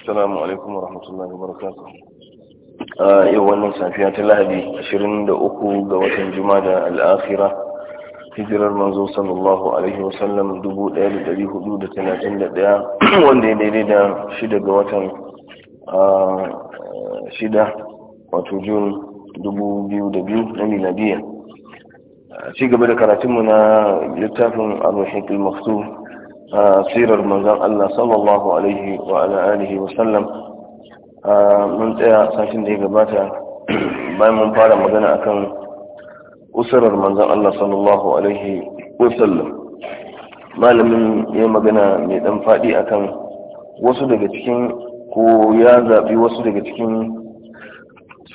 assalamu alaikum wa rahmatullahi wa barakatuh ah, yau wannan safiya ta lahadi 23 ga watan al al'akhira hijirar manzo sallallahu alaihi wa sallam 1431 wanda ya daidai da shida ga watan ah, shida wato jun 2002 na miladiyya ah, ci gaba da karatunmu na littafin al-muhiq al sirar manzan Allah sallallahu alaihi wa alihi wa sallam mun tsaya sakin da ya gabata bayan mun fara magana akan usurar manzan Allah sallallahu alaihi wa sallam malamin ya magana mai dan fadi akan wasu daga cikin ko ya zabi wasu daga cikin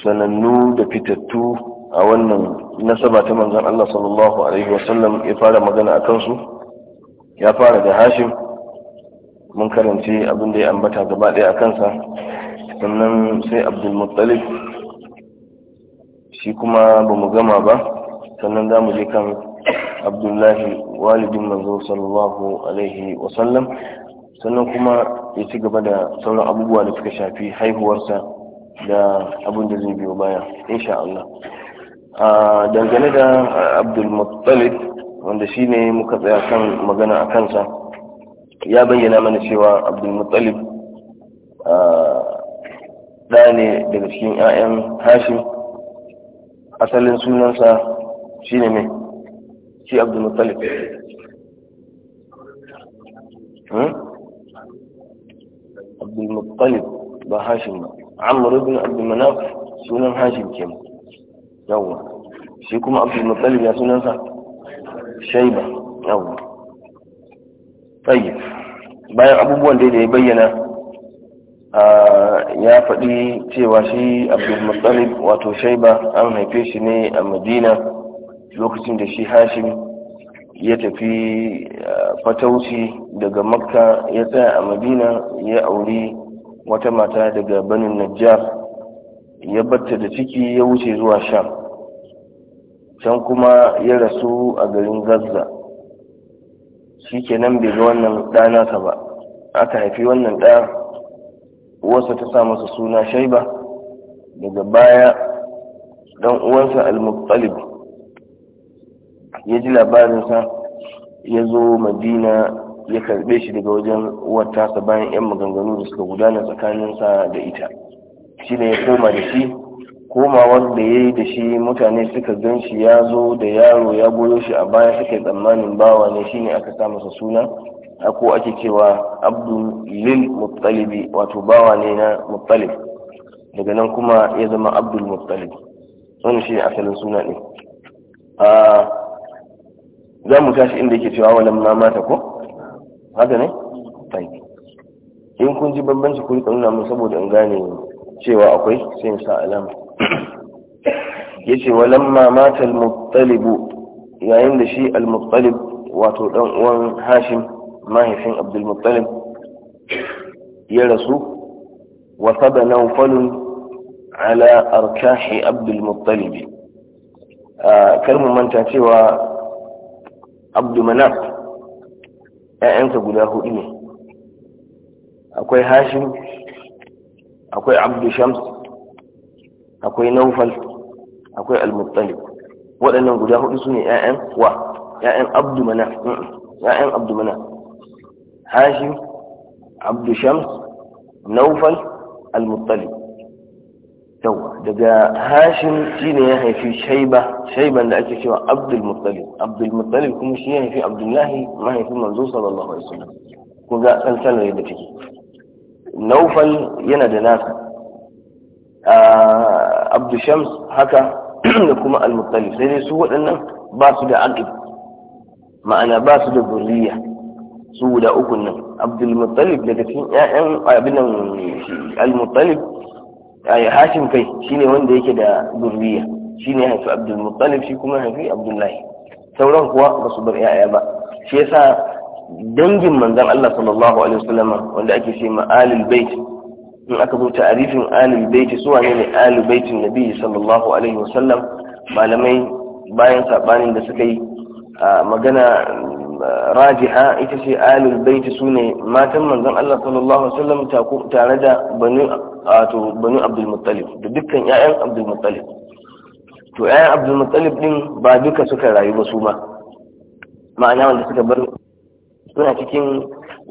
sanannu da fitattu a wannan nasaba ta manzan Allah sallallahu alaihi wa sallam ya fara magana akan su ya fara da hashim mun karanci abin da ya ambata gaba ɗaya a kansa sannan sai abdulmuttalib shi kuma ba mu gama ba sannan za mu je kan abdullahi walidin manzo sallallahu alaihi wasallam sannan kuma ya ci gaba da sauran abubuwa da suka shafi haihuwarsa da abin da zai biyo baya insha Allah dangane da abdulmuttalib wanda shi ne muka tsaya kan magana a kansa ya bayyana mana cewa abdulmuttalib ɗa ne daga cikin 'ya'yan hashim asalin sunansa shi ne mai shi abdulmuttalib hmm? abdulmuttalib ba hashim ba amur ibn abdulmanaf sunan hashim ke Yawon. shi kuma abdulmuttalib ya sunansa bayan abubuwan da ya bayyana ya faɗi cewa shi abdulmutsalib wato shaiba an haife shi ne a madina lokacin da shi hashim ya tafi fatauci daga makka ya tsaya a madina ya auri wata mata daga banin najjar ya batta da ciki ya wuce zuwa sham can kuma ya rasu a garin gaza shi kenan bai ga wannan ɗanasa ba aka haifi wannan ɗa uwarsa ta sa masa suna shaiba daga baya don uwansa al-muttalib ya ji labarinsa ya zo madina ya karbe shi daga wajen uwar bayan 'yan maganganu da suka gudana tsakaninsa da ita shi ne ya koma da shi koma wanda ya yi da shi mutane suka gan shi ya zo da yaro ya goyo shi a baya suka yi tsammanin bawa ne shine aka sa masa suna ko ake cewa abdul lil muttalibi wato bawa ne na muttalib daga nan kuma ya zama abdul muttalib shi shine asalin suna ne za mu tashi inda yake cewa walam ma mata ko haka ne in kun ji bambanci kun nuna mun saboda in gane cewa akwai sai in sa alama yace walamma mata al-muttalib yayin da shi al-muttalib wato dan uwan hashim mahaifin abdul muttalib ya rasu wa saba nawfal ala arkahi abdul muttalib kar mu manta cewa abdu manaf ƴaƴansa guda hudu ne akwai hashim akwai abdu shams akwai naufal akwai al-muttalib waɗannan guda hudu su ne ‘ya'yan wa ‘ya'yan abdumana ‘ya'yan abdumana hashim abdushams naufal al-muttalib yawa daga hashim shine ya haifi shaiba shaiban da ake cewa abdul muttalib abdul muttalib kuma shi ya haifi abdullahi mahaifin manzo sallallahu alaihi wasallam ko ga salsalar yadda take naufal yana da nasa ah, abdushams haka da kuma al sai dai su waɗannan ba su da aqib ma'ana ba su da zuriya su guda uku nan abdul daga cikin ƴaƴan abin nan al-muttalib hashim kai shine wanda yake da zuriya shine haifi abdul muttalib shi kuma haifi abdullahi sauran kuwa ba su bar ƴaƴa ba shi yasa dangin manzon Allah sallallahu alaihi wasallam wanda ake ce ma alul bait in aka zo ta'arifin alul baiti su wane ne alul baitin nabi sallallahu alaihi wasallam malamai bayan sabanin da suka yi magana rajiha ita ce alul baiti su ne matan manzon Allah sallallahu alaihi wasallam tare da banu wato banu Abdul Muttalib da dukkan ƴaƴan Abdul Muttalib to ƴaƴan Abdul Muttalib din ba duka suka rayu ba su ma ma'ana wanda suka bar suna cikin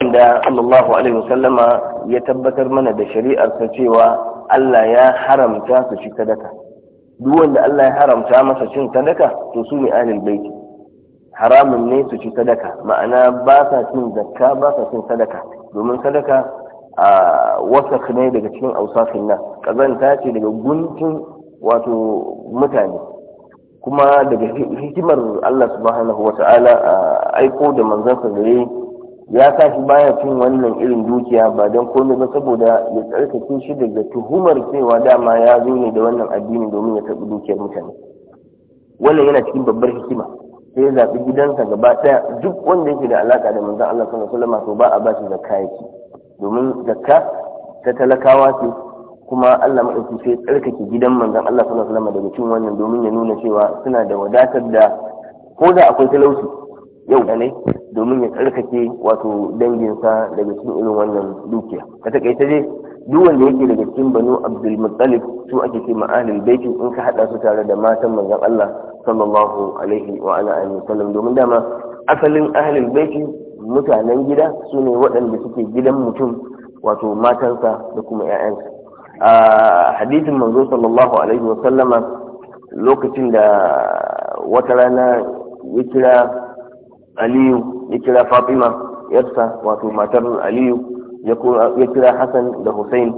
da sallallahu alaihi wasallama ya tabbatar mana da shari'ar ta cewa Allah ya haramta su ci sadaka duk wanda Allah ya haramta masa cin sadaka to su ne ahlul baiti haramun ne su ci sadaka ma'ana ba sa cin zakka ba sa cin sadaka domin sadaka a wasak ne daga cikin ausafin nan kazanta ce daga guntun wato mutane kuma daga hikimar Allah subhanahu wa ta'ala aiko da manzansa gare ya sa shi baya cin wannan irin dukiya ba don komai ba saboda ya tsarkake shi daga tuhumar cewa dama ya zo ne da wannan addini domin ya karɓi dukiyar mutane wannan yana cikin babbar hikima sai ya zaɓi gidansa gaba ɗaya duk wanda yake da alaƙa da manzon Allah sallallahu alaihi wasallam to ba a ba shi zakka yake domin zakka ta talakawa ce kuma Allah madauki sai tsarkake gidan manzon Allah sallallahu alaihi wasallam daga cin wannan domin ya nuna cewa suna da wadatar da ko da akwai talauci yau da nai domin ya tsarkake wato danginsa daga cikin irin wannan dukiya ka takaita dai duk wanda yake daga cikin banu abdul muttalib su ake ce ma'alil baitin in ka hada su tare da matan manzon Allah sallallahu alaihi wa ala alihi wasallam domin dama asalin ahlul baiti mutanen gida sune waɗanda suke gidan mutum wato matansa da kuma ƴaƴansa a hadisin manzo sallallahu alaihi wa sallama lokacin da wata rana ya kira aliyu ya kira fatima yarsa wato matar aliyu ya kira hassan da hussein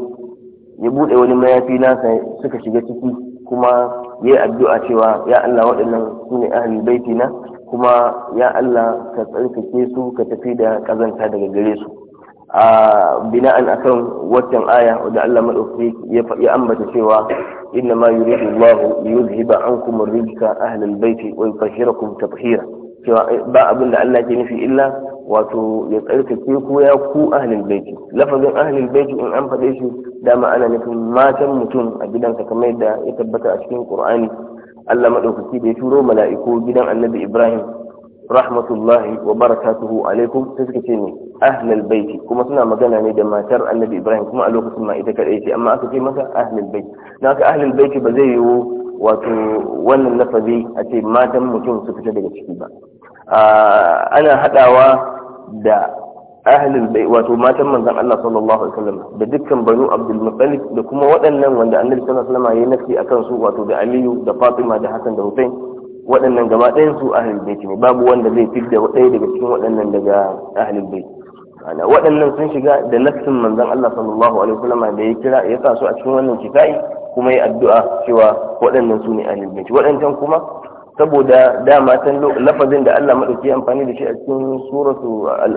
ya buɗe wani mayafi nasa suka shiga ciki kuma ya yi addu'a cewa ya allah waɗannan su ne ahli baiti na kuma ya allah ka tsarkake su ka tafi da kazanta daga gare su a bina'an akan waccan aya da Allah madauki ya ambata cewa inna ma yuridu an li yuzhiba ankum ar-rijsa ahlal bayti wa yutahhirakum tatheera cewa ba abin da Allah ke nufi illa wato ya tsarkake ku ya ku ahlul baiti lafazin ahlul baiti in an faɗe shi dama ana nufin matan mutum a gidansa kamar yadda ya tabbata a cikin Qur'ani Allah madaukaki da ya turo mala'iku gidan Annabi Ibrahim rahmatullahi wa barakatuhu alaikum sai suka ce ne baiti kuma suna magana ne da matar Annabi Ibrahim kuma a lokacin ma ita kadai ce amma aka ce masa ahlul baiti dan haka baiti ba zai yiwu wato wannan lafazi a ce matan mutum su fita daga ciki ba ana haɗawa da ahlul bai wato matan manzan Allah sallallahu alaihi wasallam da dukkan banu Abdul Muttalib da kuma waɗannan wanda Annabi sallallahu alaihi wasallam ya nafi akan su wato da Aliyu da Fatima da Hassan da Hussein waɗannan gaba ɗayan su ahlul bai ne babu wanda zai fidda ɗaya daga cikin waɗannan daga ahlul bai ana waɗannan sun shiga da nafsin manzan Allah sallallahu alaihi wasallam da ya kira ya sa su a cikin wannan kitabi kuma yi addu'a cewa waɗannan su ne ahlul waɗancan kuma saboda dama can lafazin da Allah madauki amfani da shi a cikin suratu al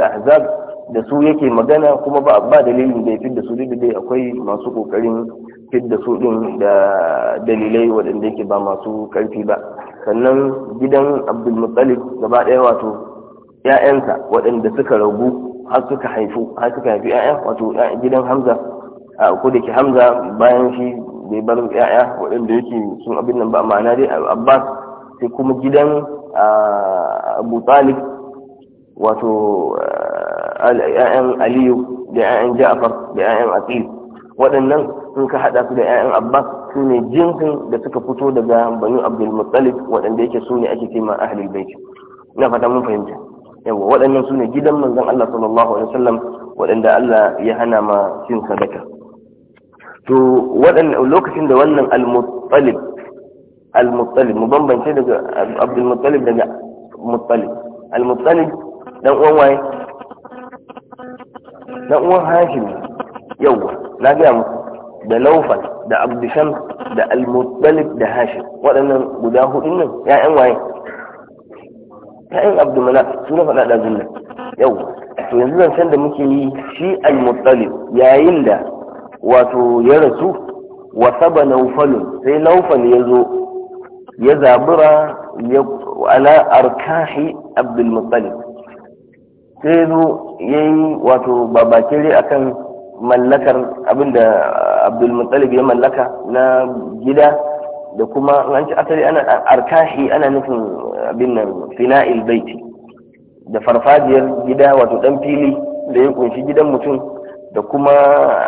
da su yake magana kuma ba ba dalilin da ya fidda su duk dai akwai masu kokarin fidda su ɗin da dalilai waɗanda yake ba masu karfi ba sannan gidan Abdul Muttalib gaba ɗaya wato ƴaƴansa waɗanda suka ragu har suka haifu har suka haifi ƴaƴa wato gidan Hamza a ko da ke Hamza bayan shi bai bar ya'ya waɗanda yake sun abin nan ba ma'ana dai abbas sai kuma gidan abu talib wato ya'yan aliyu da ya'yan ja'afar da ya'yan aqil waɗannan sun ka haɗa su da ya'yan abbas su ne jinsin da suka fito daga banu abdul muttalib waɗanda yake su ne ake cema ahlul bait na fata mun fahimta yawa waɗannan su ne gidan manzon Allah sallallahu alaihi wasallam waɗanda Allah ya hana ma cin sadaka to lokacin da wannan al-muttalib al-muttalib mu bambance daga abdul muttalib daga muttalib al-muttalib dan uwan waye dan uwan hashim yawa na ga mu. da laufan da abdisham da al-muttalib da hashim waɗannan guda hudun nan ya'yan waye ya'yan abdulmala su na faɗa da zunnan yawa to yanzu san da muke yi shi al-muttalib yayin da wato ya rasu wa saba sai naufal ya zo ya zabura ya ala arkahi abdulmuttalib sai zo ya yi wato babakire akan mallakar abinda abdulmuttalib ya mallaka na gida da kuma an ci asali ana arkahi ana nufin abin nan fina'il baiti da farfajiyar gida wato dan fili da ya kunshi gidan mutum da kuma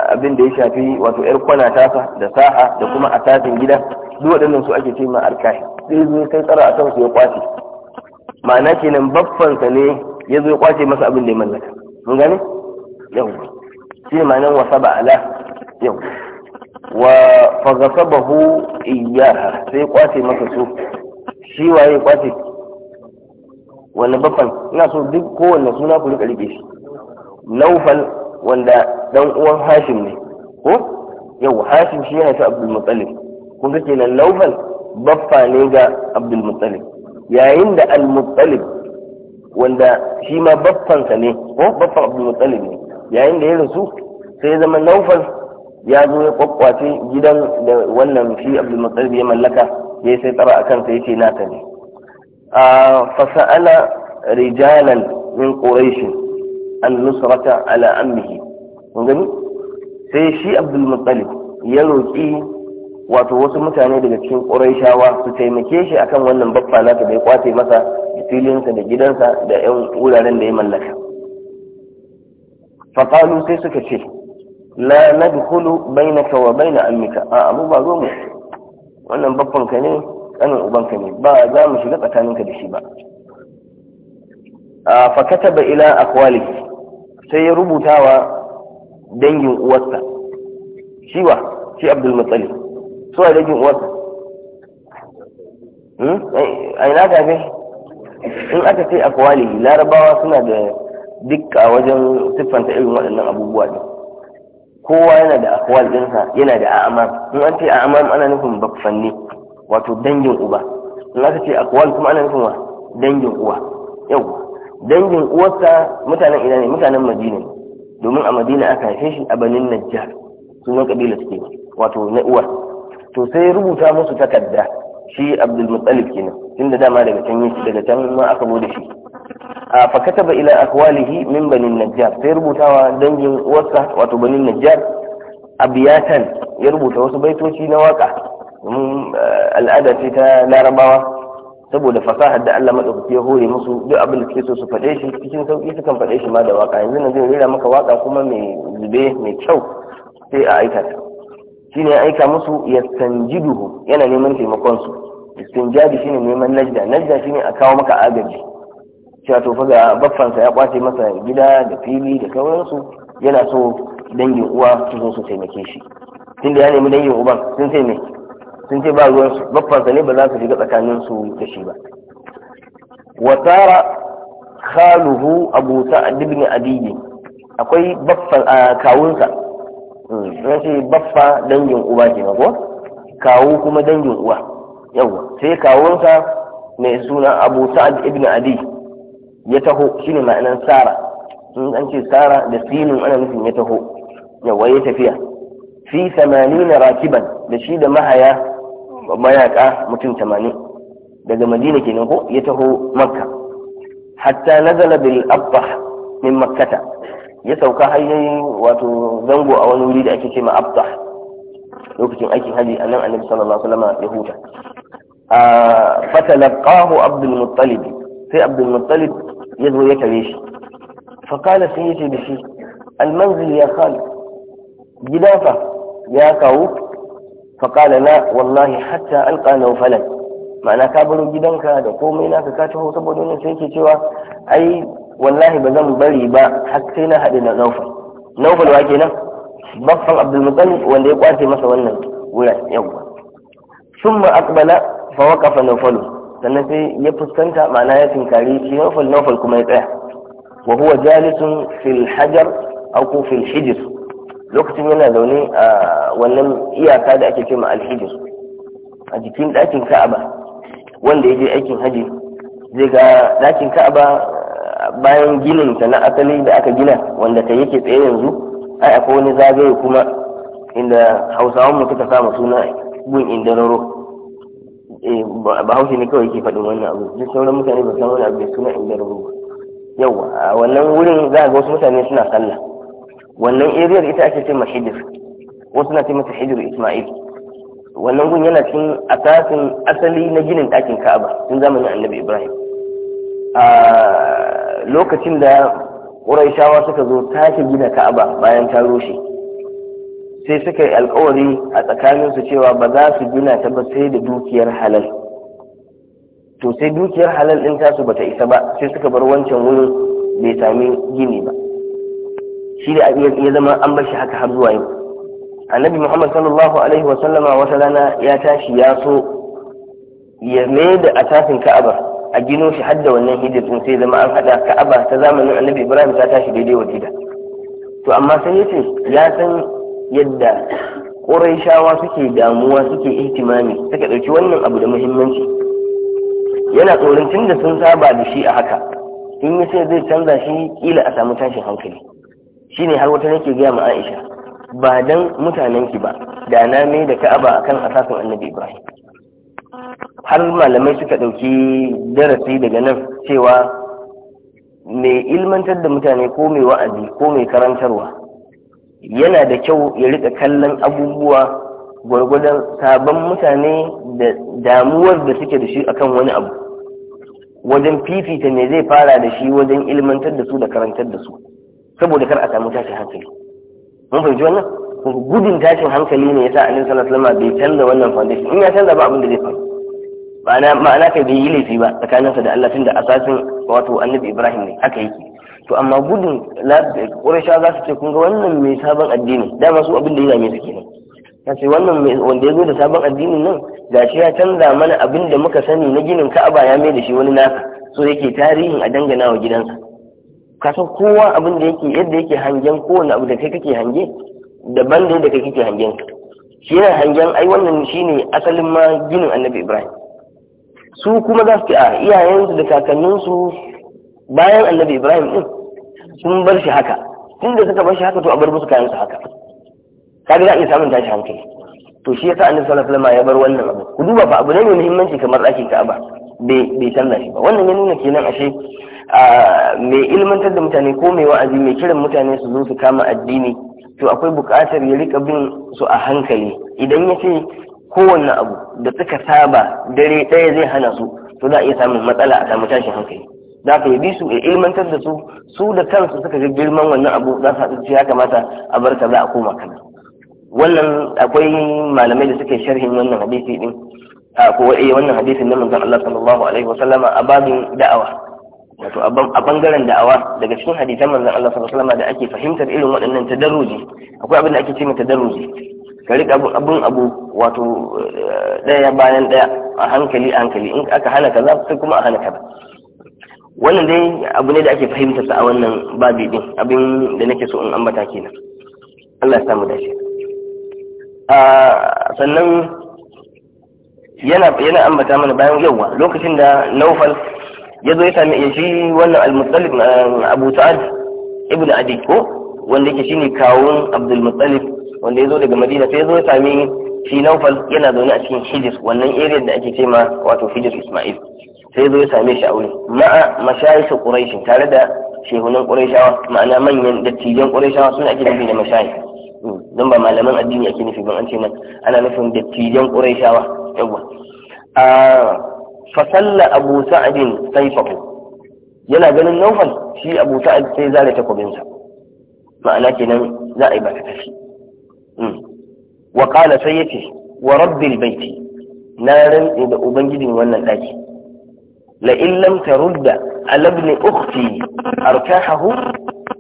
abin da ya shafi wato yar kwana tasa da sa'a da kuma a tasin gida duk waɗannan su ake ce ma alkahi sai zo kai tsara a kansu ya kwace ma'ana kenan baffansa ne ya zo ya kwace masa abin da ya mallaka mun gane yau shi ne ma'anar wasa ba'ala yau wa fagasabahu iyaha sai ya kwace masa su shi waye ya kwace wani baffan ina so duk kowanne suna ku rika rike shi naufal wanda dan uwan hashim ne ko yau hashim shi ya haifi abdul muttalib kun ga kenan laufal baffa ne ga abdul muttalib yayin da al muttalib wanda shi ma baffansa ne ko baffan abdul muttalib ne yayin da ya rasu sai ya zama laufal ya zo ya kwakwace gidan da wannan shi abdul muttalib ya mallaka ya sai tsara akan sai ce naka ne a ah, fasa'ala rijalan min quraish annusrata ala ammihi mun gani sai shi abdul muttalib ya roki wato wasu mutane daga cikin quraishawa su taimake shi akan wannan babba nasa da ya kwace masa da filinsa da gidansa da yan wuraren da ya mallaka faqalu sai suka ce la nadkhulu bainaka wa bain ammika a abu ba zo mu wannan babban ne kanin ubanka ne ba za mu shiga tsakaninka da shi ba ba ila akwalihi sai ya rubuta wa dangin uwarsa shi wa shi abdul matsali su a dangin uwarsa hmm? a ina gafe in aka ce a kwali larabawa suna da dukka wajen siffanta irin waɗannan abubuwa ne kowa yana da akwal ɗinsa yana da a'amam in an ce a'amam ana nufin bakfanni wato dangin uba in aka ce akwal kuma ana nufin wa dangin uwa yauwa dangin uwarsa mutanen ina ne mutanen madina domin a madina aka haife shi a banin najjar sunan kabila suke wato na uwar to sai rubuta musu takarda shi abdul Mutsalib kenan da dama daga can yake daga can ma aka zo da shi a ba ila akwalihi min banin najjar sai rubutawa dangin uwarsa wato banin najjar abiyatan ya rubuta wasu baitoci na waka domin eh, al'ada ce ta larabawa saboda fasahar da Allah madaukaki ya hore musu duk abin da suke so su faɗe shi cikin sauki sukan faɗe shi ma da waka yanzu nan zai rera maka waka kuma mai zube mai kyau sai a aika ta shine ya aika musu ya duhu. yana neman taimakon su istinjabi shine neman najda najda shine a kawo maka agaji cewa to fa baffansa ya kwace masa gida da fili da sauransu yana so dangin uwa su zo su taimake shi tunda ya nemi dangin uban sun sai sun ce ba ruwan su baffansa ne ba za su shiga tsakanin su da shi ba wa tara khaluhu abu sa'ad ibn adiyi akwai kawunsa sun hmm, ce baffa dangin uba ke ko kawu kuma dangin uwa yawa sai kawunsa mai suna abu sa'ad ibn adi ya taho shine ma'anar sara sun an ce sara da sinin ana nufin ya taho yawa ya tafiya fi 80 rakiban da shi da mahaya Mayaƙa mutum tamanin daga madina kenan ko ya taho makka hatta nazala bil abba min makkata ya sauka hanyoyin wato zango a wani wuri da ake ce ma abba lokacin aikin haji a nan annabi sallallahu alaihi wasallam ya huta a fatalaqahu abdul muttalib sai abdul muttalib ya zo ya tare shi fa qala sai yace da shi al manzil ya khali gida fa ya kawo faƙala na wallahi hatta alƙa naufalan ma'ana ka baro gidanka da komai naka ka taho saboda wannan sai ke cewa ai wallahi ba zan bari ba har sai na haɗu da naufal naufal wa kenan baffan abdulmutsalib wanda ya kwace masa wannan wuyan Sun ma aqbala fa waqafa naufalu sannan sai ya fuskanta ma'ana ya tinkari shi naufal naufal kuma ya tsaya wa huwa jalisun fil hajar aw ko fil hijr lokacin yana zaune a wannan iyaka da ake cewa ma alhijir a jikin ɗakin ka'aba wanda ya je aikin haji zai ga ɗakin ka'aba bayan ginin ta na asali da aka gina wanda ta yake tsaye yanzu ai akwai wani zagaye kuma inda hausawan mu suka samu suna gun indararo eh, bahaushe ne kawai ke faɗin wannan abu duk sauran mutane ba san wani abu mai suna indararo ba yawa a wannan wurin za a ga wasu mutane suna sallah wannan area ita ake ce mahijir wasu na ce masa isma'il wannan gun yana cikin asasin asali na ginin ɗakin ka'aba tun zamanin annabi ibrahim a lokacin da ƙuraishawa suka zo tashi gina ka'aba bayan ta rushe sai suka yi alkawari a tsakaninsu cewa ba za su gina ta ba sai da dukiyar halal to sai dukiyar halal ɗin tasu bata isa ba sai suka bar wancan wurin bai sami gini ba shi da ya zama an bar shi haka har zuwa yau annabi muhammad sallallahu alaihi wasallama wata rana ya tashi ya so ya mai da asasin ka'aba a gino shi hadda wannan hijirtin sai zama an hada ka'aba ta zamanin annabi ibrahim ta tashi daidai gida to amma sai ya ce ya san yadda ƙuraishawa suke damuwa suke ihtimami suka ɗauki wannan abu da muhimmanci yana tsoron tun da sun saba da shi a haka in yi sai zai canza shi kila a samu tashin hankali shine har wata nake gaya ma aisha ba don mutanenki ba da na mai da ka'aba kan asasin annabi ibrahim har malamai suka ɗauki darasi daga nan cewa mai ilmantar da mutane ko mai wa'azi ko mai karantarwa yana da kyau ya rika kallon abubuwa gwargwadon sabon mutane da damuwar da suke da shi akan wani abu wajen fifita ne zai fara da shi wajen ilmantar da su da karantar da su saboda kar a samu tashi hankali mun fahimci wannan gudun tashin hankali ne yasa annabi sallallahu alaihi wasallam bai canza wannan foundation in ya canza ba abin da zai faru ma'ana ma'ana kai bai yi laifi ba tsakaninsa da Allah tunda asasin wato annabi Ibrahim ne haka yake to amma gudun ƙurasha za su ce kun ga wannan mai sabon addini dama su abin da ya zame su kenan ta ce wannan wanda ya zo da sabon addinin nan ga shi ya canza mana abin da muka sani na ginin ka'aba ya mai da shi wani nasa so yake tarihin a dangana wa gidansa ka san kowa abin da yake yadda yake hangen kowane abu da kai kake hange daban da yadda kai kake hangen shi yana hangen ai wannan shine asalin ma ginin annabi ibrahim su kuma za su a ah, iyayensu da kakanninsu bayan annabi ibrahim din sun bar shi haka tun da suka bar shi haka to a bar musu kayan su haka kaga za a iya samun tashi hankali to shi yasa annabi sallallahu alaihi wasallam ya bar wannan abu ku duba fa abu ne mai muhimmanci kamar ɗakin ka'aba bai bai canza shi ba wannan ya nuna kenan ashe mai ilmantar da mutane ko mai wa'azi mai kiran mutane su zo su kama addini to akwai buƙatar ya rika bin su a hankali idan ya ce kowanne abu da suka saba dare ɗaya zai hana su to za a iya samun matsala a samu tashin hankali za ka yi su ya ilmantar da su su da kansu suka ga girman wannan abu za su haɗu ya kamata a bar za a koma kaza wannan akwai malamai da suke sharhin wannan hadisi din ko eh, wannan hadisin na manzon Allah sallallahu alaihi wasallama a babin da'awa wato a bangaren da'awa daga cikin hadisan manzon Allah sallallahu alaihi wasallam da ake fahimtar irin waɗannan tadarruji akwai abin da ake cewa tadarruji ka rika abun abu wato daya eh, bayan daya a hankali a hankali in aka hana kaza sai kuma a hana kaza wannan dai abu ne da ake fahimtar sa a wannan babi din abin da nake so in ambata kenan Allah ya samu dace a ah, sannan yana yana ambata mana bayan yawa lokacin da Naufal ya zo ya sami shi wannan al-muttalib abu sa'ad ibn adi ko wanda yake shine kawun abdul muttalib wanda ya zo daga madina sai ya zo ya sami shi naufal yana zaune a cikin hijir wannan area da ake ce ma wato hijir isma'il sai ya zo ya same shi a wuri ma'a mashayikh quraish tare da shehunan quraishawa ma'ana manyan dattijan quraishawa sun ake nufi da mashayikh don ba malaman addini ake nufi ban an ce nan ana nufin dattijan quraishawa yawa ah, Fasalla abu sa'adin sayfahu yana ganin naufal shi abu sa'ad sai zare takobinsa ma'ana kenan za a yi baka tafi hmm. wa qala sai yace wa rabbil baiti na rantsi da ubangijin wannan daki la in lam tarudda ala ibn ukhti arkahahu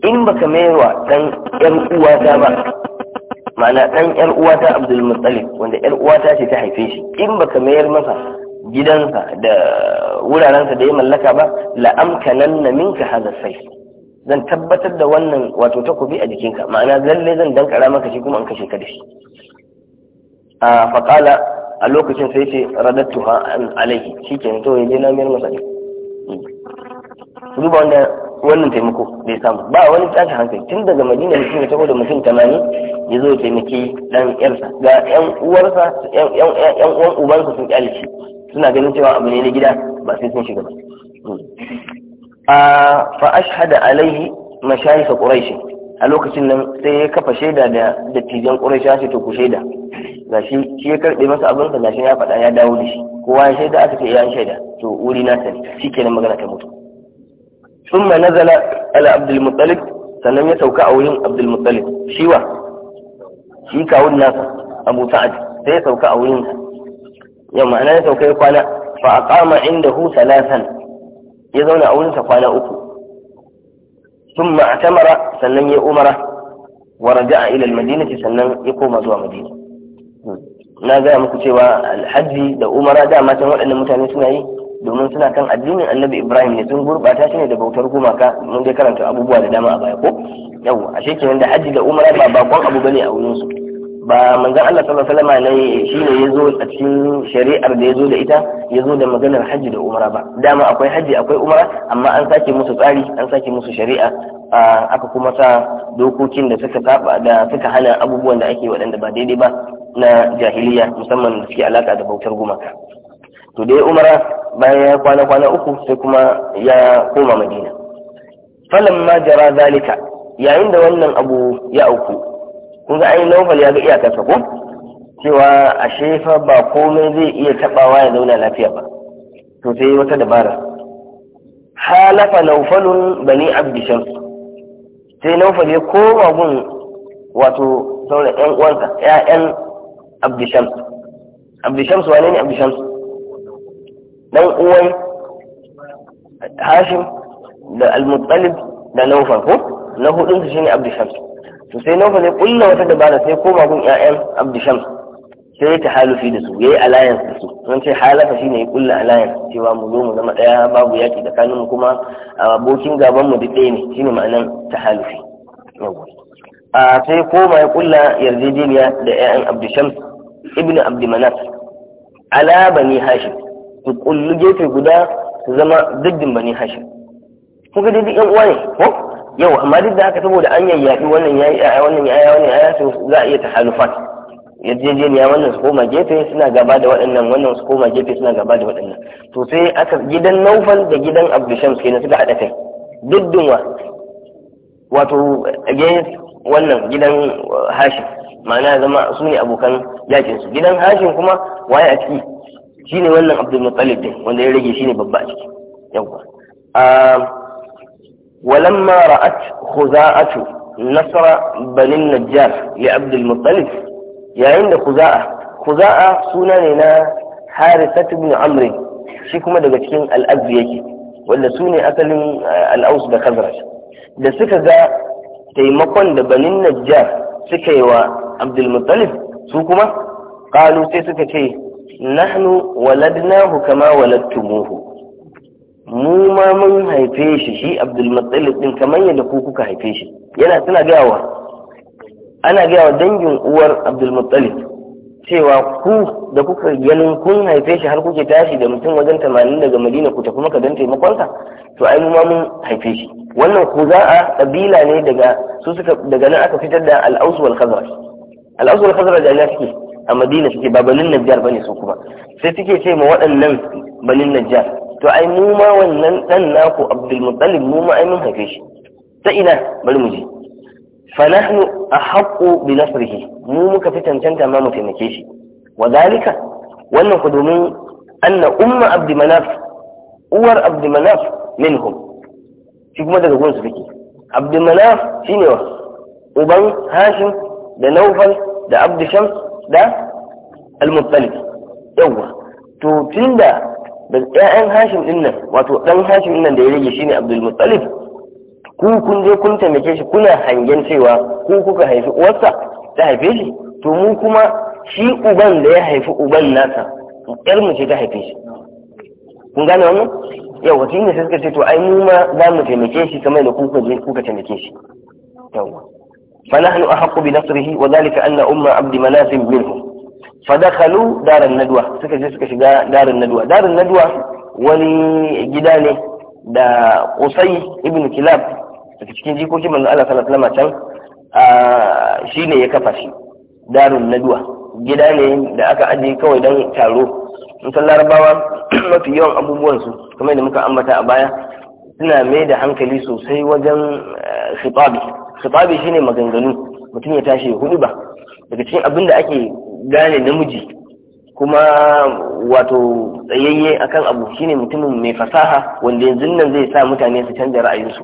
in baka maiwa dan yan uwata ba ma'ana dan yar uwata Abdul Muttalib wanda yar uwata ce ta haife shi in baka mayar masa gidansa da wurarensa da ya mallaka ba na minka haza sai zan tabbatar da wannan wato takobi a jikinka ma'ana zalle zan dankara maka shi kuma an kashe ka da shi a faƙala a lokacin sai ce ha an alaihi ke to yaje na miyar masa ne hmm. duba wanda wannan taimako da ya samu ba wani tashi hankali tun daga madina mutum ya taho da mutum tamanin ya zo ya taimaki dan yarsa ga yan uwarsa yan uwansa sun kyale shi suna ganin cewa abu ne na gida ba sai sun shiga ba a fa ashhada alaihi mashayikh quraish a lokacin nan sai ya kafa shaida da dattijan quraish sai to ku shaida gashi shi ya karbe masa abin da gashi ya faɗa ya dawo da shi kowa ya shaida aka ce ya eh, shaida to wuri na sani shikenan magana ta mutu ثم nazala ala abdul muttalib sannan ya sauka a wurin Abdul Muttalib shi wa shi kawun nasa Abu Sa'ad sai ya sauka a wurin yau ma'ana ya sauka ya kwana fa inda hu salasan ya zauna a wurinsa kwana uku Sun sannan ya umara اعتمر سنن يأمره ورجع madinati sannan ya koma zuwa madina. na gaya muku cewa alhaji da umara dama can waɗannan mutane suna yi domin suna kan addinin annabi ibrahim ne sun gurɓata shi ne da bautar gumaka mun dai karanta abubuwa da dama a baya ko yawwa ashe kenan da hajji da umara ba bakon abu bane a wurinsu. su ba manzon Allah sallallahu alaihi wasallam ne shine yazo a cikin shari'ar da ya zo da ita ya zo da maganar Hajji da umara ba dama akwai Hajji, akwai umara amma an sake musu tsari an sake musu shari'a aka kuma sa dokokin da suka saba da suka hana abubuwan da ake waɗanda ba daidai ba na jahiliya musamman da suke alaka da bautar gumaka to dai umara bayan ya kwana kwana uku sai kuma ya koma madina falamma jara zalika yayin da wannan abu ya auku kun ga ai naufal ya ga iyakarsa ko cewa a shefa ba komai zai iya tabawa ya zauna lafiya ba to sai wata dabara halafa naufalun bani abdishan sai naufal ya koma gun wato saura yan uwansa 'ya'yan abdishan abdishan su wane ne su? dan uwan hashim da al-muttalib da laufal ko na hudun su shine su. to sai naufa zai kulla wata dabara sai koma magun ƴaƴan abdisham sai ya tahalufi da su ya yi alliance da su sun ce halafa shine ya kulla alliance cewa mu zo mu zama ɗaya babu yaƙi tsakanin mu kuma abokin gaban mu duk ɗaya ne shine ma'anan tahalufi a sai koma ya kulla yarjejeniya da ƴaƴan abdisham ibnu abdimanaf ala bani hashim su kullu gefe guda su zama daddin bani hashim kuka dai duk ƴan uwa ne ko yau amma duk da haka saboda an yayyaɗi wannan yi aya wannan ya, wannan aya to za a iya ta tahalufat ya, wannan su koma gefe suna gaba da waɗannan wannan su koma gefe suna gaba da waɗannan to sai aka gidan naufal da gidan su kenan suka haɗa kai wa, wato against wannan gidan uh, hashim ma'ana zama su ne abokan yakin su gidan hashim kuma waye a ciki shine wannan abdul muttalib din wanda ya rage shine babba a ciki yawa ah, ولما رأت خزاعة نصر بني النجار لعبد المطلب يا عند خزاعة خزاعة سنننا حارثة بن عمرو shi kuma daga cikin al'adu yake wanda su asalin al'aus da khazraj da suka ga taimakon da banin najjar suka yi wa abdulmuttalib su kuma kalu sai suka ce nahnu waladnahu kama waladtumuhu mu ma mun haife shi shi abdulmuttalib din kamar yadda ku kuka haife shi yana gawa ana gawa dangin uwar abdulmuttalib cewa ku da kuka ganin kun haife shi har kuke tashi da mutum wajen tamanin daga madina ku tafi maka don taimakonsa to ai mu ma mun haife shi wannan ku za a kabila ne daga su suka daga nan aka fitar da al-aus wal khazraj al wal khazraj suke a madina suke ba banin najjar bane su kuma sai suke ce ma waɗannan banin najjar to ai mu ma wannan dan naku abdulmuttalib mu ma ai mun haife shi ta ina bari mu je fa nahnu ahaqqu bi nasrihi mu muka fi tantanta ma mu taimake shi wa zalika wannan ku domin anna umma abdi manaf uwar abdi manaf minhum shi kuma daga gunsu take abdi manaf shine wa uban hashim da naufal da abdi shams da al-muttalib yawwa to tunda da ƴaƴan hashim din nan wato ɗan hashim din nan da ya rage shine abdul muttalib ku kun je kun taimake shi kuna hangen cewa ku kuka haifi uwarsa ta haife shi to mu kuma shi uban da ya haifi uban nasa ƴar mu ce ta haife shi kun gane wannan yau shi ne sai suka ce to ai mu ma za mu taimake shi kamar da kuka je kuka taimake shi yawa fa nahnu ahqqu bi nasrihi wa dhalika anna umma abdi manasib minhum fadakalu darin naduwa suka je suka shiga darin naduwa darin naduwa wani gida ne da kusai ibn kilab daga cikin jikokin manzo Allah sallallahu alaihi wasallam a shine ya kafa shi darin naduwa gida ne da aka aje kawai dan taro musan larabawa mafi yawan abubuwan su kamar yadda muka ambata a baya suna mai da hankali sosai wajen eh, khitabi khitabi shine maganganu mutum ya tashi hudu ba daga cikin abinda ake gane namiji kuma wato tsayayye akan abu shine mutumin mai fasaha wanda yanzu nan zai sa mutane su canza ra'ayinsu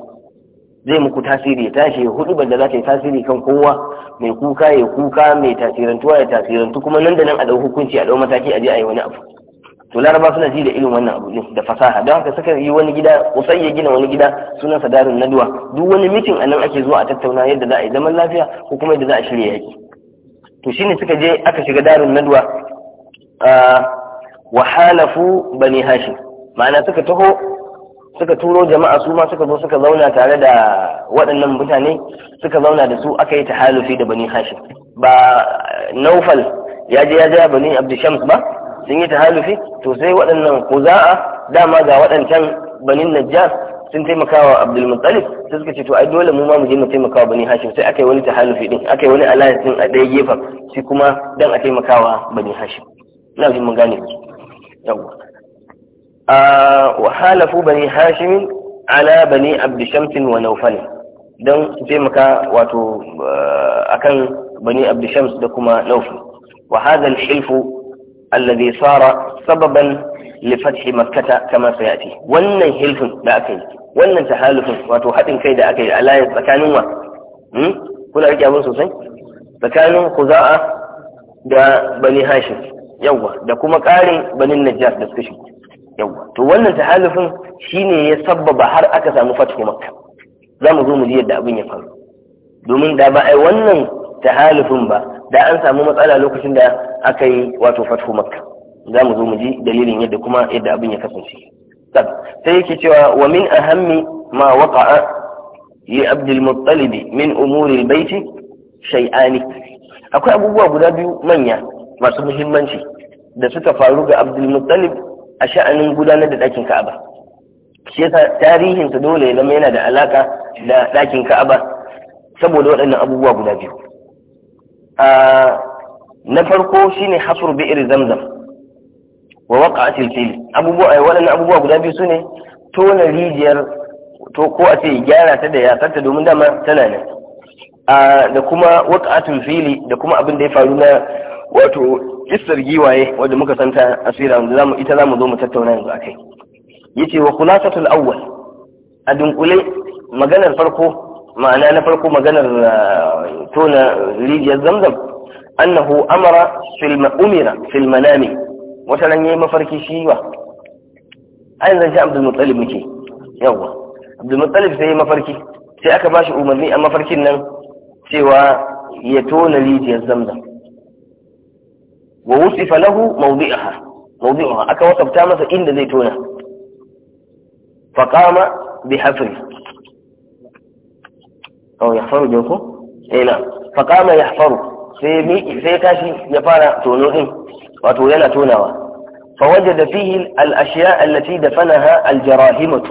zai muku tasiri ya tashi hudu banda za ta yi tasiri kan kowa mai kuka ya kuka mai tasirantuwa ya tasirantu kuma nan da nan a dau hukunci a dau mataki a je a yi wani abu to laraba suna ji da irin wannan abu din da fasaha don haka suka yi wani gida kusan ya gina wani gida sunan sadarin naduwa duk wani mitin a nan ake zuwa a tattauna yadda za a yi zaman lafiya ko kuma yadda za a shirya yaki to ne suka je aka shiga darin nadwa wa halafu bani hashim ma'ana suka taho suka turo jama'a su ma suka zo suka zauna tare da waɗannan mutane suka zauna da su aka yi tahalufi da bani hashim ba naufal ya je ya jaya bani abdishams ba sun yi tahalufi to sai waɗannan za'a dama ga waɗancan banin najjar sun taimakawa Abdul Muttalib sai suka ce to ai dole mu ma mu je mu taimakawa Bani Hashim sai aka yi wani tahalufi din aka yi wani alliance din a ɗaya gefen shi kuma dan a taimakawa Bani Hashim ina jin mun gane yawa a wa halafu Bani Hashim ala Bani Abd Shams wa Nawfal dan su taimaka wato eh, akan Bani Abd Shams da kuma Nawfal wa hadha al-hilf alladhi sara sababan لفتح مكة كما سيأتي wannan hilfin da aka yi wannan tahalufin wato haɗin kai da aka yi alayar tsakanin wa hmm? kuna rike abin sosai tsakanin kuza'a da bani hashim yawwa. da kuma ƙarin banin najjar da suka shigo yawwa. to wannan tahalufin shine ya sabbaba har aka samu fatihu makka za mu zo mu ji yadda abin ya faru domin da ba ai wannan tahalufin ba da an samu matsala lokacin da aka yi wato fatihu makka za mu zo mu ji dalilin yadda kuma yadda abin ya kasance sai yake cewa wa min ahammi ma waqa'a li abdul muttalib min umuri albayt shay'ani akwai abubuwa guda biyu manya masu muhimmanci da suka faru ga abdul muttalib a sha'anin gudanar da ɗakin ka'aba shi yasa sa dole ya zama yana da alaka da ɗakin ka'aba saboda waɗannan abubuwa guda biyu ah, na farko shine hasur bi'ir zamzam wa waka a fili. abubuwa eh, waɗannan abubuwa guda biyu su ne tona rijiyar to ko a ce gyara ta da yatsarta domin dama tana nan da kuma waka a fili, da kuma abin da ya faru na wato kissar giwaye wadda muka santa asira wanda ita za mu zo mu tattauna yanzu a kai yace wa khulasatul awwal a dunkule maganar farko ma'ana na farko maganar eh, tona rijiyar zamzam annahu amara fil umira fil manami wata nan yi mafarki shi wa ai zan ji Abdul muke, muke yawa sai ya yi mafarki sai aka ba shi umarni a mafarkin nan cewa ya tona rijiyar Zamzam wa wusifa lahu mawdi'aha mawdi'aha aka wasafta masa inda zai tona fa qama bi hafri aw yahfaru joko eh na fa qama yahfaru sai mi sai kashi ya fara tono din wato yana tonawa فوجد فيه الأشياء التي دفنها الجراهمة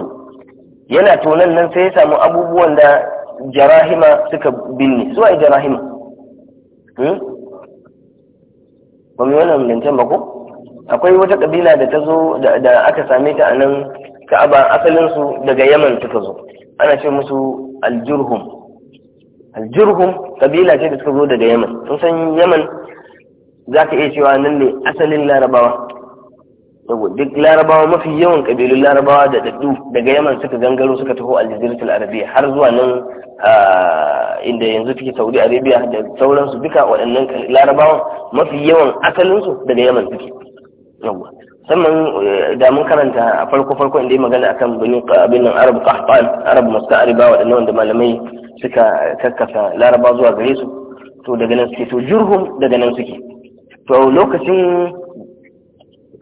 yana tonan nan sai ya samu abubuwan da jarahima suka binne suwa jarahima hmm? ba mu wannan mintan ba ko akwai wata kabila da ta zo da aka same ta a nan ka'aba asalin su daga yaman suka zo ana ce musu aljurhum aljurhum kabila ce da suka zo daga yaman sun san yaman za ka iya cewa nan ne asalin larabawa duk larabawa mafi yawan ƙabilun larabawa da daɗu daga yaman suka gangaro suka taho aljaziratul arabiya har zuwa nan inda yanzu take saudi arabia da sauransu duka waɗannan larabawan mafi yawan asalinsu daga yaman suke yawwa sannan eh, da mun karanta a farko farko inda magana akan bani abin nan arab qahtan arab musta'riba waɗannan wanda malamai suka kakkasa larabawa zuwa gare su to daga nan suke to jurhum daga nan suke to lokacin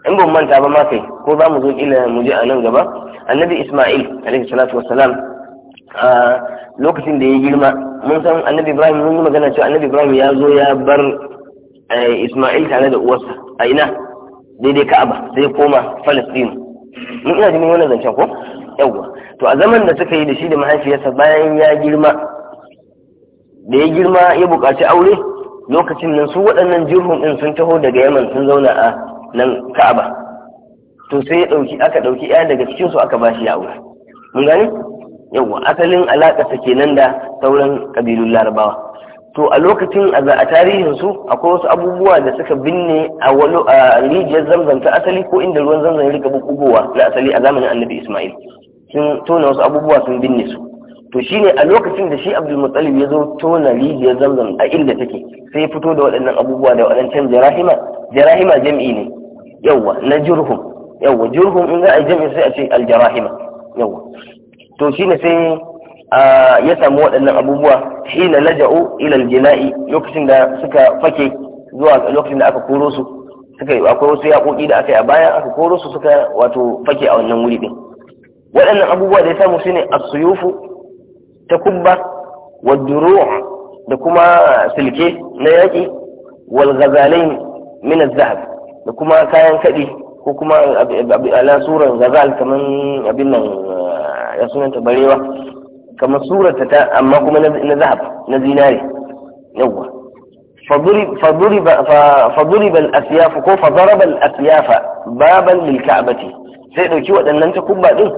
in ban manta ba ma kai ko za mu zo kila mu je a nan gaba annabi isma'il alaihi salatu wassalam a lokacin da ya girma mun san annabi ibrahim mun yi magana cewa annabi ibrahim ya zo ya bar eh, isma'il tare da uwarsa a ina daidai ka'aba sai koma falastinu mun ina jini wannan zancen ko yawwa to a zaman da suka yi da shi da mahaifiyarsa bayan ya girma da ya girma ya buƙaci aure lokacin nan su waɗannan jirhun ɗin sun taho daga yaman sun zauna a nan ka'aba to sai ɗauki aka ɗauki ɗaya daga cikinsu aka bashi ya aure mun gani? yawwa asalin alaƙa ta kenan da sauran ƙabilun larabawa to a lokacin a tarihin su akwai wasu abubuwa da suka binne a rijiyar zamzam ta asali ko inda ruwan zamzam ya rika bugowa na asali a zamanin annabi ismail sun tona wasu abubuwa sun binne su to shine a lokacin da shi abdul mutsalib ya zo tona rijiyar zamzam a inda take sai ya fito da waɗannan abubuwa da waɗancan jarahima jarahima jam'i ne Yawwa. na jurhum Yawwa jurhum in za a jam'i sai a ce aljarahima Yawwa. to shine sai ya samu waɗannan abubuwa shi hina laja'u ila aljina'i lokacin da suka fake zuwa lokacin da aka koro su suka yi akwai wasu yaƙoƙi da aka yi a baya aka koro su suka wato fake a wannan wuri din waɗannan abubuwa da ya samu shine asuyufu ta kubba wa da kuma silke na yaƙi walgazalai ghazalain min zahab da kuma kayan kaɗi ko kuma ala suran gazal kaman abin nan ah, ya sunanta barewa kamar surarta ta amma kuma na zahab na zinare yawwa فضرب فضرب الاسياف ko فضرب الاسياف بابا للكعبه sai dauki waɗannan takubba din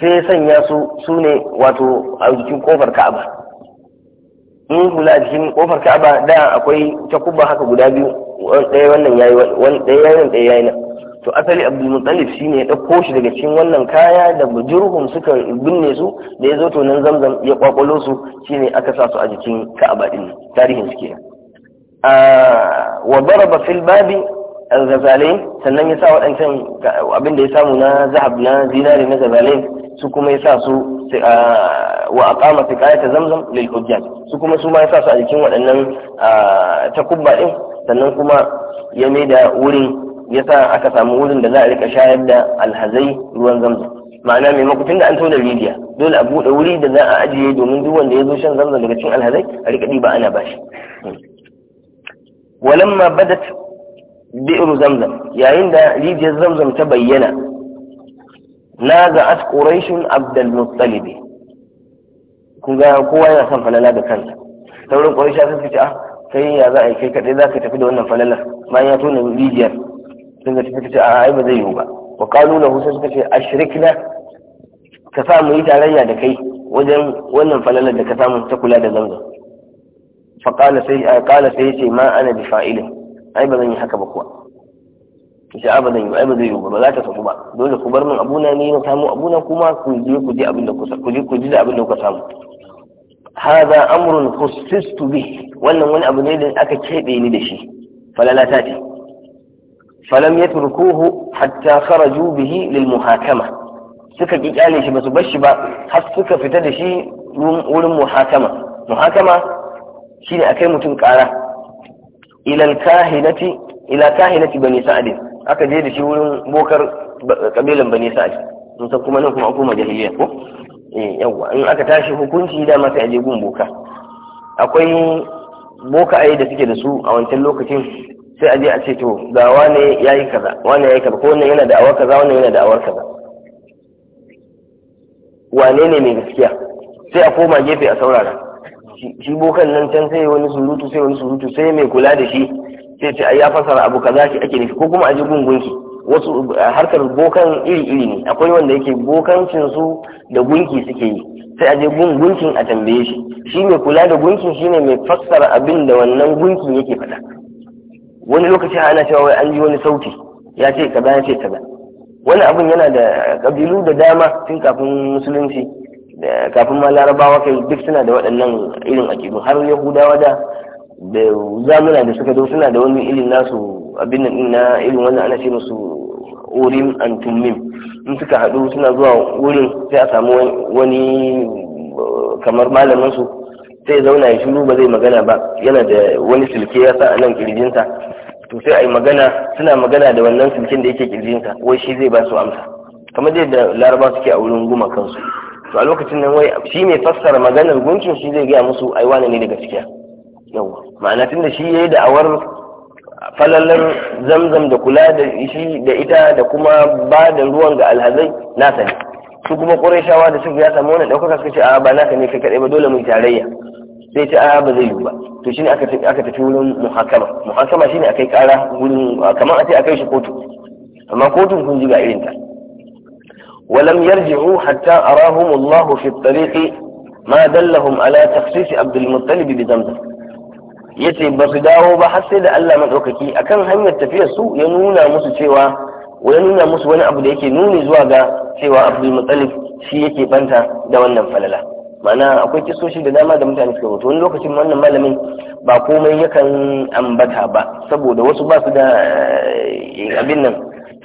sai ya sanya su su ne wato a jikin kofar ka'aba in hula a jikin kofar ka'aba da akwai takuba haka guda biyu ɗaya wannan yayi ɗaya yayi nan ɗaya yayi nan to asali abdul muttalib shine ya ɗauko shi daga cikin wannan kaya da bujurhum suka binne su da ya zo to nan zamzam ya kwakwalo su shine aka sa su a jikin ka'aba din tarihin suke a wa daraba fil babi al-ghazalain sannan ya sa waɗancan abin da ya samu na zahab na zinari na ghazalain su kuma yasa su wa aqama siqayata zamzam lil hujjaj su kuma su ma yasa su a jikin waɗannan takubba din sannan kuma ya mai da wurin yasa aka samu wurin da za a rika shayar da alhazai ruwan zamzam ma'ana maimakon tun da an da rijiya dole a buɗe wuri da za a ajiye domin duk wanda ya zo shan zamzam daga cikin alhazai a rika ɗiba ana bashi walamma badat bi'ru zamzam yayin da rijiyar zamzam ta bayyana naza'at quraishun abdul muttalib kun ga kowa yana son falala da kansa wurin quraisha sun ce a ah, kai ya za a yi kai kaɗai, za ka tafi da wannan falalar bayan ya tona rijiyar sun ga tafi ce a ai ba zai yiwu ba wa kalu na husa suka ce ashrikna ka sa mu yi tarayya da kai wajen wannan falalar da ka samu ta kula da zanga. fa kala sai sai ce ma ana bi fa'ilin ai ba zan yi haka ba kuwa shi abadan yi zai yi ba za ta samu ba dole ku bar min abuna ne na samu abuna kuma ku je ku ji abin da ku ku je ku ji da abin da ku samu hada amrun khussistu bi wannan wani abu ne da aka kebe ni da shi falalata ce falam yatrukuhu hatta kharaju bihi lil muhakama suka ki kyale shi basu bar shi ba har suka fita da shi wurin muhakama muhakama shine akai mutum kara ila al kahinati ila kahinati bani sa'd aka je da shi wurin bokar kabilan bani sa'ad sun san kuma nan kuma an jahiliya ko eh yawa in aka tashi hukunci da ma sai aje gun boka akwai boka ayi da suke da su a wancan lokacin sai aje a ce to ga wane yayi kaza wane yayi kaza ko wannan yana da awar kaza wannan yana da awar kaza wane ne mai gaskiya sai a koma gefe a saurara shi bokan nan can sai wani surutu sai wani surutu sai mai kula da shi sai ce ya fasara abu kaza shi ake nufi ko kuma a ji gungunki wasu harkar bokan iri iri ne akwai wanda yake bokancin su da gunki suke yi sai a je gun gunkin a tambaye shi shi mai kula da gunkin shine mai fassara abin da wannan gunkin yake faɗa wani lokaci ana cewa wai an ji wani sauti ya ce kaza ya ce kaza wani abin yana da kabilu da dama tun kafin musulunci kafin ma larabawa kai duk suna da waɗannan irin akidu har yahudawa da da zamuna da suka zo suna da wani ilin nasu abin nan na irin wannan ana ce musu urim and tumim in suka haɗu suna zuwa wurin sai a samu wani uh, kamar malamin su sai zauna ya shiru ba zai magana ba yana da wani silke ya sa a nan kirjinsa to sai a yi magana suna magana da wannan silkin da yake kirjinsa wai shi zai ba su amsa kamar dai da laraba suke a wurin guma kansu to a lokacin nan wai shi mai fassara maganar gunkin shi zai gaya musu ai ne daga gaskiya yawa ma'ana tun da shi ya yi da'awar falalar zamzam da kula da shi da ita da kuma ba da ruwan ga alhazai nasa ne su kuma ƙurashawa da suka ya samu wani ɗaukaka suka ce a ba naka ne ka kaɗai ba dole mu tarayya sai ce a ba zai yi ba to shi ne aka tafi wurin muhakama muhakama shi shine akai ƙara wurin kamar a ce akai shi kotu amma kotun kun ji ga irin ta ولم يرجعوا حتى أراهم الله في الطريق ما دلهم على تخصيص عبد المطلب بزمزم ya ce ba su dawo ba har sai da Allah maɗaukaki kan hanyar tafiyar su ya nuna musu cewa ya nuna musu wani abu da yake nuni zuwa ga cewa abdul mutsalif shi yake banta da wannan falala ma'ana akwai kisoshi da dama da mutane suka wato wani lokacin wannan malamin ba komai yakan ambata ba saboda wasu ba su da eh, abin nan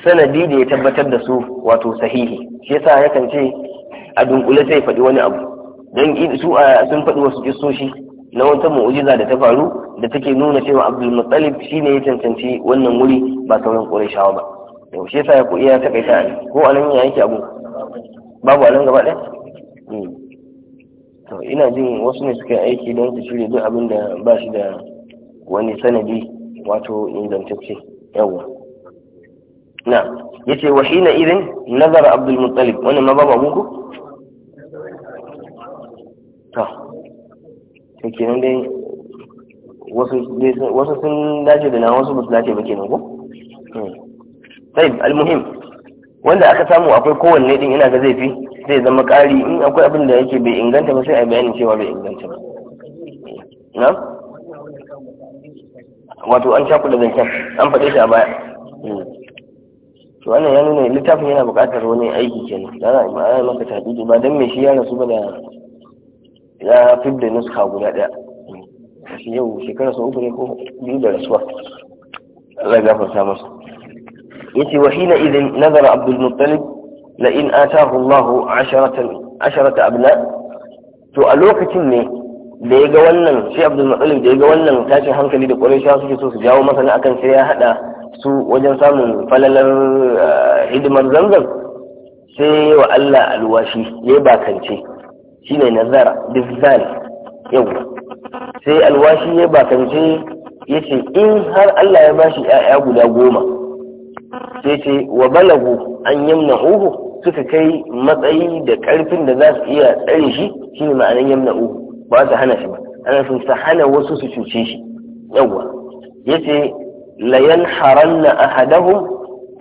sanadi da ya tabbatar da su wato sahihi shi yasa yakan ce a dunkule sai faɗi wani abu don su sun faɗi wasu kisoshi na wata mu'ujiza da ta faru da take nuna cewa abdul muttalib shine ya cancanci wannan wuri ba sauran qurayshawa ba yau shi yasa ya ku iya takaita ko anan ya yake abu babu anan gaba ɗaya hmm. to ina jin wasu ne suka aiki don su shirya duk abin da ba shi da wani sanadi wato ingantacce yawa na yace wa hina idan nazar abdul muttalib wannan ma babu abuku to to kenan dai wasu sun dace da na wasu ba su dace ba kenan ko sai hmm. almuhim wanda aka samu akwai kowanne din ina ga zai fi zai zama ƙari in akwai abin da yake bai inganta ba sai a bayanin cewa bai inganta ba na wato an shaku da zancen an faɗe shi a baya hmm. to wannan ya nuna littafin yana buƙatar wani aiki kenan da ma'ana maka tafi ba don me shi ya rasu ba da ya fi da nuska guda ɗaya yau shekara sau uku ne ko biyu da rasuwa Allah ya gafarta masa yace wa hina idan nazara abdul muttalib la in atahu Allah asharatan asharata abna to a lokacin ne da ya ga wannan shi abdul muttalib da ya ga wannan tashin hankali da quraisha suke so su jawo masa ne akan sai ya hada su wajen samun falalar eh, hidimar zanzan sai wa Allah alwashi ya bakance shine nazara bizal Yauwa sai alwashi ya bakance ya ce in har Allah ya bashi ‘ya'ya guda goma sai ce wa balagu an yamna uhu suka kai matsayi da ƙarfin da za su iya tsare shi shi ne ma'anin yamna uhu ba su hana shi ba ana sun ta hana wasu su cuce shi Yauwa ya ce layan haranna ahadahum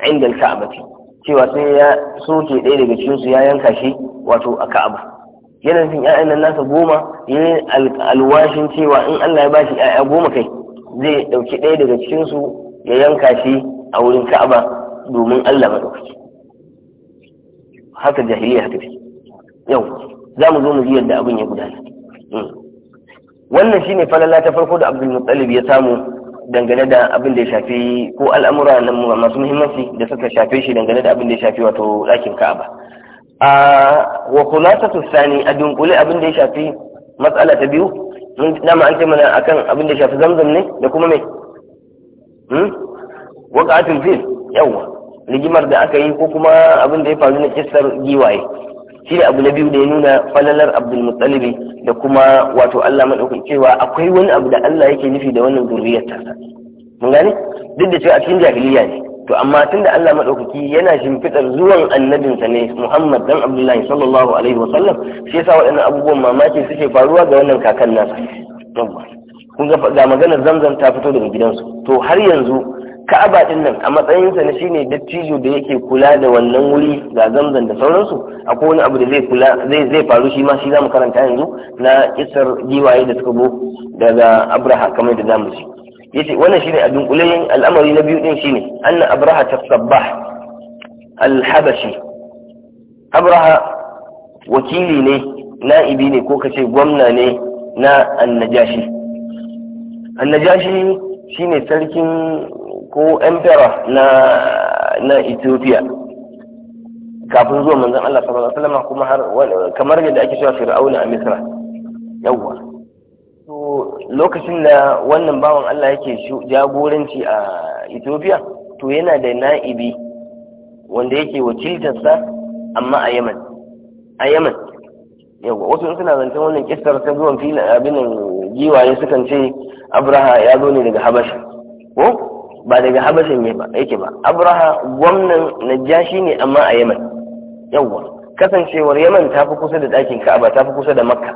inda ka'abati cewa sai ya soke ɗaya daga cikinsu ya yanka shi wato a ka'aba yana cin ƴaƴan nan nasa goma yayin alwashin cewa in Allah ya bashi ƴaƴa goma kai zai ɗauki ɗaya daga cikin su ya yanka shi a wurin Ka'aba domin Allah madaukaki haka jahiliya haka take yau za mu zo mu ji yadda abin ya gudana hmm. wannan shine falala ta farko da Abdul Muttalib ya samu dangane da abin da ya shafi ko al'amura na masu muhimmanci da suka shafe shi dangane da abin da ya shafi wato ɗakin Ka'aba a wa khulasatu sani a dunkule abin da ya shafi matsala ta biyu mun dama an ce mana akan abin da ya shafi zamzam ne da kuma me hmm fil yawa rigimar da aka yi ko kuma abin da ya faru na kissar giwaye shi ne abu na biyu da ya nuna falalar abdul muttalibi da kuma wato Allah madaukakin cewa akwai wani abu da Allah yake nufi da wannan zuriyar tasa mun gane duk da cewa a cikin jahiliya ne to amma tunda Allah madaukaki yana shimfidar zuwan annabinsa ne Muhammad dan Abdullahi sallallahu alaihi sallam shi yasa waɗannan abubuwan mamaki suke faruwa ga wannan kakan nasa kun ga ga maganar zamzam ta fito daga gidansu to har yanzu ka'aba din nan a matsayinsa na shine dattijo da yake kula da wannan wuri ga zamzam da sauransu akwai wani abu da zai kula zai zai faru shi ma shi zamu karanta yanzu na kisar giwaye da suka go daga abraha kamar da zamu ci yace wannan shine a dunkule al'amari na biyu din shine anna abraha tasabbah al-habashi abraha wakili ne na'ibi ne ko kace gwamna ne na annajashi annajashi shine sarkin ko emperor na na Ethiopia kafin zuwa manzon Allah sallallahu alaihi wasallam kuma har kamar yadda ake cewa Fir'auna a Misra yawwa lokacin da wannan bawan Allah yake jagoranci a Ethiopia to yana da na'ibi wanda yake wakiltarsa amma a Yemen a Yemen yawa wasu suna zancen wannan kistar ta zuwan filin abin giwaye sukan ce Abraha ya zo ne daga Habasha ko ba daga Habasha ne ba yake ba Abraha gwamnan Najashi ne amma a Yemen yawa kasancewar Yemen ta fi kusa da ɗakin Ka'aba ta fi kusa da Makka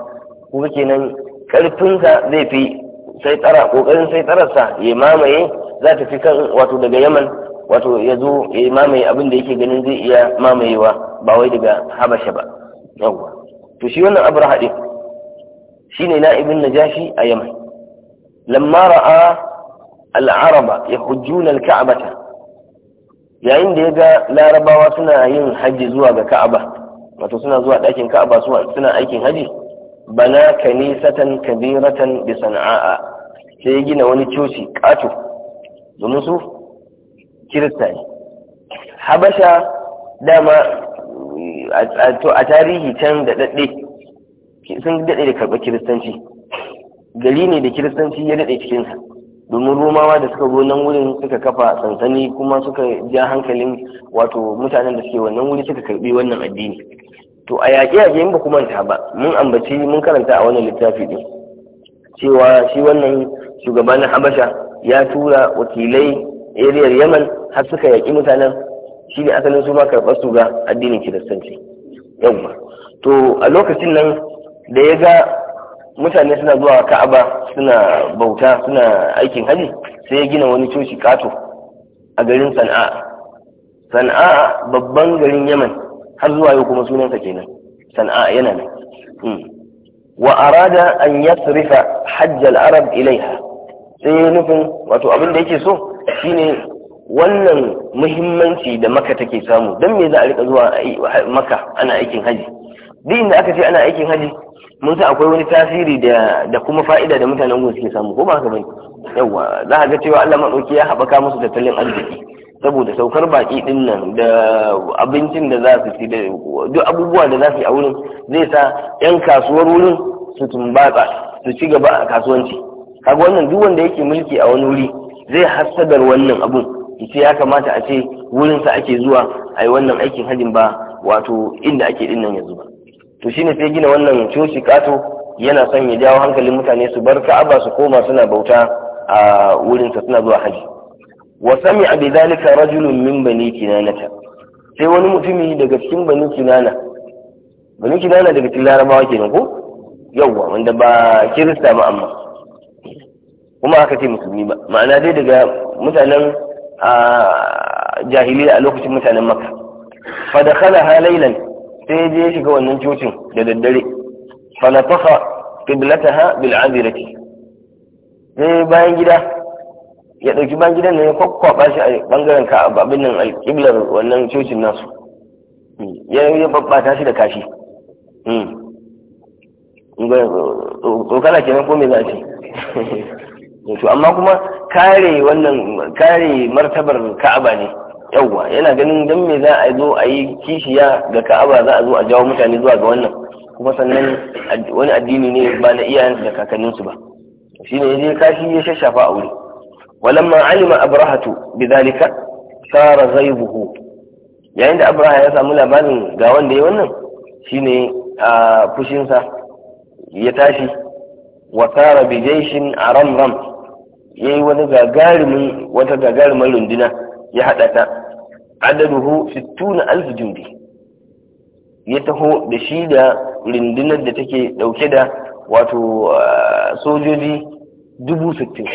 kuma kenan karfinsa zai fi sai tsara ƙoƙarin sai tsararsa ya mamaye za ta fi kan wato daga yaman wato ya zo ya mamaye abin da yake ganin zai iya mamayewa ba wai daga habasha ba yawwa to shi wannan abu haɗe shi ne na'ibin najashi a yaman lamma ra'a al'araba ya hujjuna al-ka'bata yayin da ya ga larabawa suna yin hajji zuwa ga ka'aba wato suna zuwa ɗakin ka'aba suna aikin hajji bana kanisatan kabiratan bi sana'a sai ya gina wani coci ƙato domin su kirista ne habasha dama a tarihi can da daɗe sun daɗe da karɓar kiristanci gari ne da kiristanci ya daɗe cikinsa domin romawa da suka zo nan wurin suka kafa sansani kuma suka ja hankalin wato mutanen da suke wannan wuri suka karɓi wannan addini to a yaƙe yaƙe in ba ku manta ba mun ambaci mun karanta a wannan littafi ɗin. cewa shi wannan na habasha ya tura wakilai eriyar yaman har suka yaƙi mutanen shi ne asalin su ma karɓar su ga addinin kiristanci yawwa to a lokacin nan da ya ga mutane suna zuwa ka'aba suna bauta suna aikin hajji sai ya gina wani coci kato a garin sana'a sana'a babban garin yaman har zuwa yau kuma sunansa kenan sana'a yana nan hmm. wa arada an yasrifa hajj al-arab ilaiha sai nufin wato abin da yake so shine wannan muhimmanci da maka take samu dan me za a rika zuwa maka ana aikin haji duk inda aka ce ana aikin haji mun san akwai wani tasiri da da kuma fa'ida da mutanen gun suke samu ko ba haka bane yawa za ga cewa Allah madauki ya haɓaka musu tattalin arziki saboda saukar baki din nan da abincin da za su ci da duk abubuwa da za su yi a wurin zai sa 'yan kasuwar wurin su tumbatsa su ci gaba a kasuwanci kaga wannan duk wanda yake mulki a wani wuri zai hassadar wannan abun ce ya kamata a ce wurinsa ake zuwa a yi wannan aikin hajin ba wato inda ake ɗinnan yanzu ba to shine sai gina wannan coci kato yana son ya jawo hankalin mutane su bar ka'aba su koma suna bauta a wurinsa suna zuwa haji wa sami'a bi zalika rajulun min bani kinanata sai wani mutumi daga cikin bani kinana bani kinana daga cikin larabawa kenan ko yawwa wanda ba kirista ba amma kuma aka ce musulmi ba ma'ana dai daga mutanen jahiliya a lokacin mutanen makka fa ha halailan sai ya je shiga wannan cocin da daddare fa natafa qiblataha bil bil'adirati. sai bayan gida ya ɗauki ban gidan nan ya kwakwaba shi a ɓangaren ka abin nan alƙiblar wannan cocin nasu ya ya babbata shi da kashi hmm. tsokana kenan ko me za a ce to amma kuma kare wannan kare martabar ka'aba ne yawwa yana ganin don me za a zo a yi kishiya ga ka'aba za a zo a jawo mutane zuwa ga wannan kuma sannan wani addini ne ba na iyayensu da kakanninsu ba shi ne ya je kashi ya shashafa a wuri walamma alima abrahatu bidhalika sara ghaibuhu yayin da abraha ya samu labarin ga wanda ya wannan shine a fushinsa ya tashi wa sara bi jaishin aramram yayi wani gagarumin wata gagarumin runduna ya haɗa ta adaduhu 60000 jundi ya taho da shi da rundunar da take ɗauke da wato sojoji dubu sittin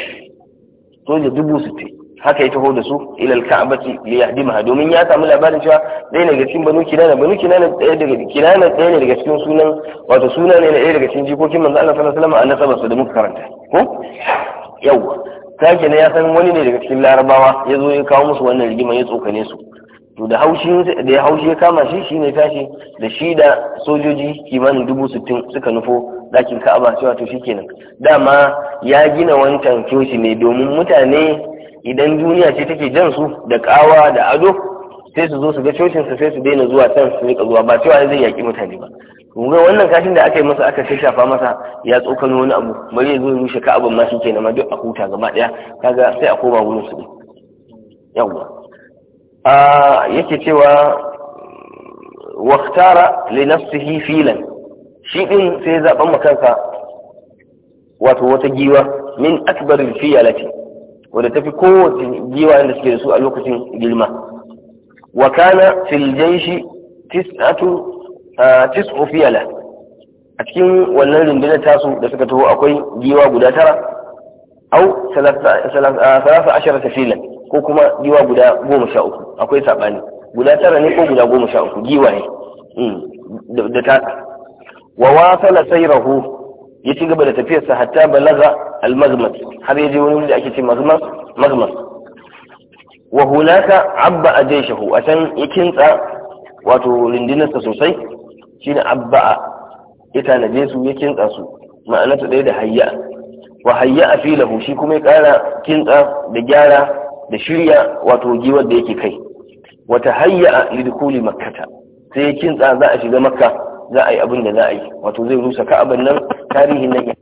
soja dubu sittin haka ya taho da su ilal ka'abati li yahdimaha domin ya samu labarin cewa ɗaya daga cikin banu kinana banu kinana ɗaya daga kinana ɗaya ne daga cikin sunan wato suna ne ɗaya daga cikin jikokin manzo Allah sallallahu alaihi wasallam a nasabarsa da muka karanta ko yawa sake ne ya san wani ne daga cikin larabawa ya zo ya kawo musu wannan rigima ya tsokane su to da haushi da ya haushi ya kama shi shi ne tashi da shi da sojoji kimanin dubu sittin suka nufo dakin ka'aba cewa to shikenan dama ya gina wancan coci ne domin mutane idan duniya ce take jan su da kawa da ado sai su zo su ga cocin su sai su daina zuwa can su rika zuwa ba cewa zai yaki mutane ba kuma wannan kashin da aka yi masa aka shafa masa ya tsokano wani abu bari ya zo rushe ka'aban ma shi kenan ma duk a huta gaba daya kaga sai a koma wurin su yawwa yake cewa waktara li nafsihi filan shi din sai ya zaɓa makansa wato wata giwa min akbar fiyalati wanda tafi kowace giwa da suke da su a lokacin gilma wa kana fil jaishi tis'atu tis'u fiyala a cikin wannan rundunar tasu da suka taho akwai giwa guda tara au salasa ashirar filan ko kuma giwa guda goma sha uku akwai saɓani guda tara ne ko guda goma sha uku giwa ne hmm. da ta wa wasala Rahu ya ci gaba da tafiyarsa hatta balaga al har ya je wani da ake ce mazmat mazmas wa hunaka abba shahu a can ya kintsa wato rundunarsa sosai shine abba ya tanaje su ya kintsa su ma'anarsa ɗaya da hayya wa hayya a filahu shi kuma ya ƙara kintsa da gyara da shirya wato giwar da yake kai wata hayya lidikuli makkata sai ya kintsa za a shiga makka za a yi abin da za a yi wato zai rusa ka'aban nan tarihin nan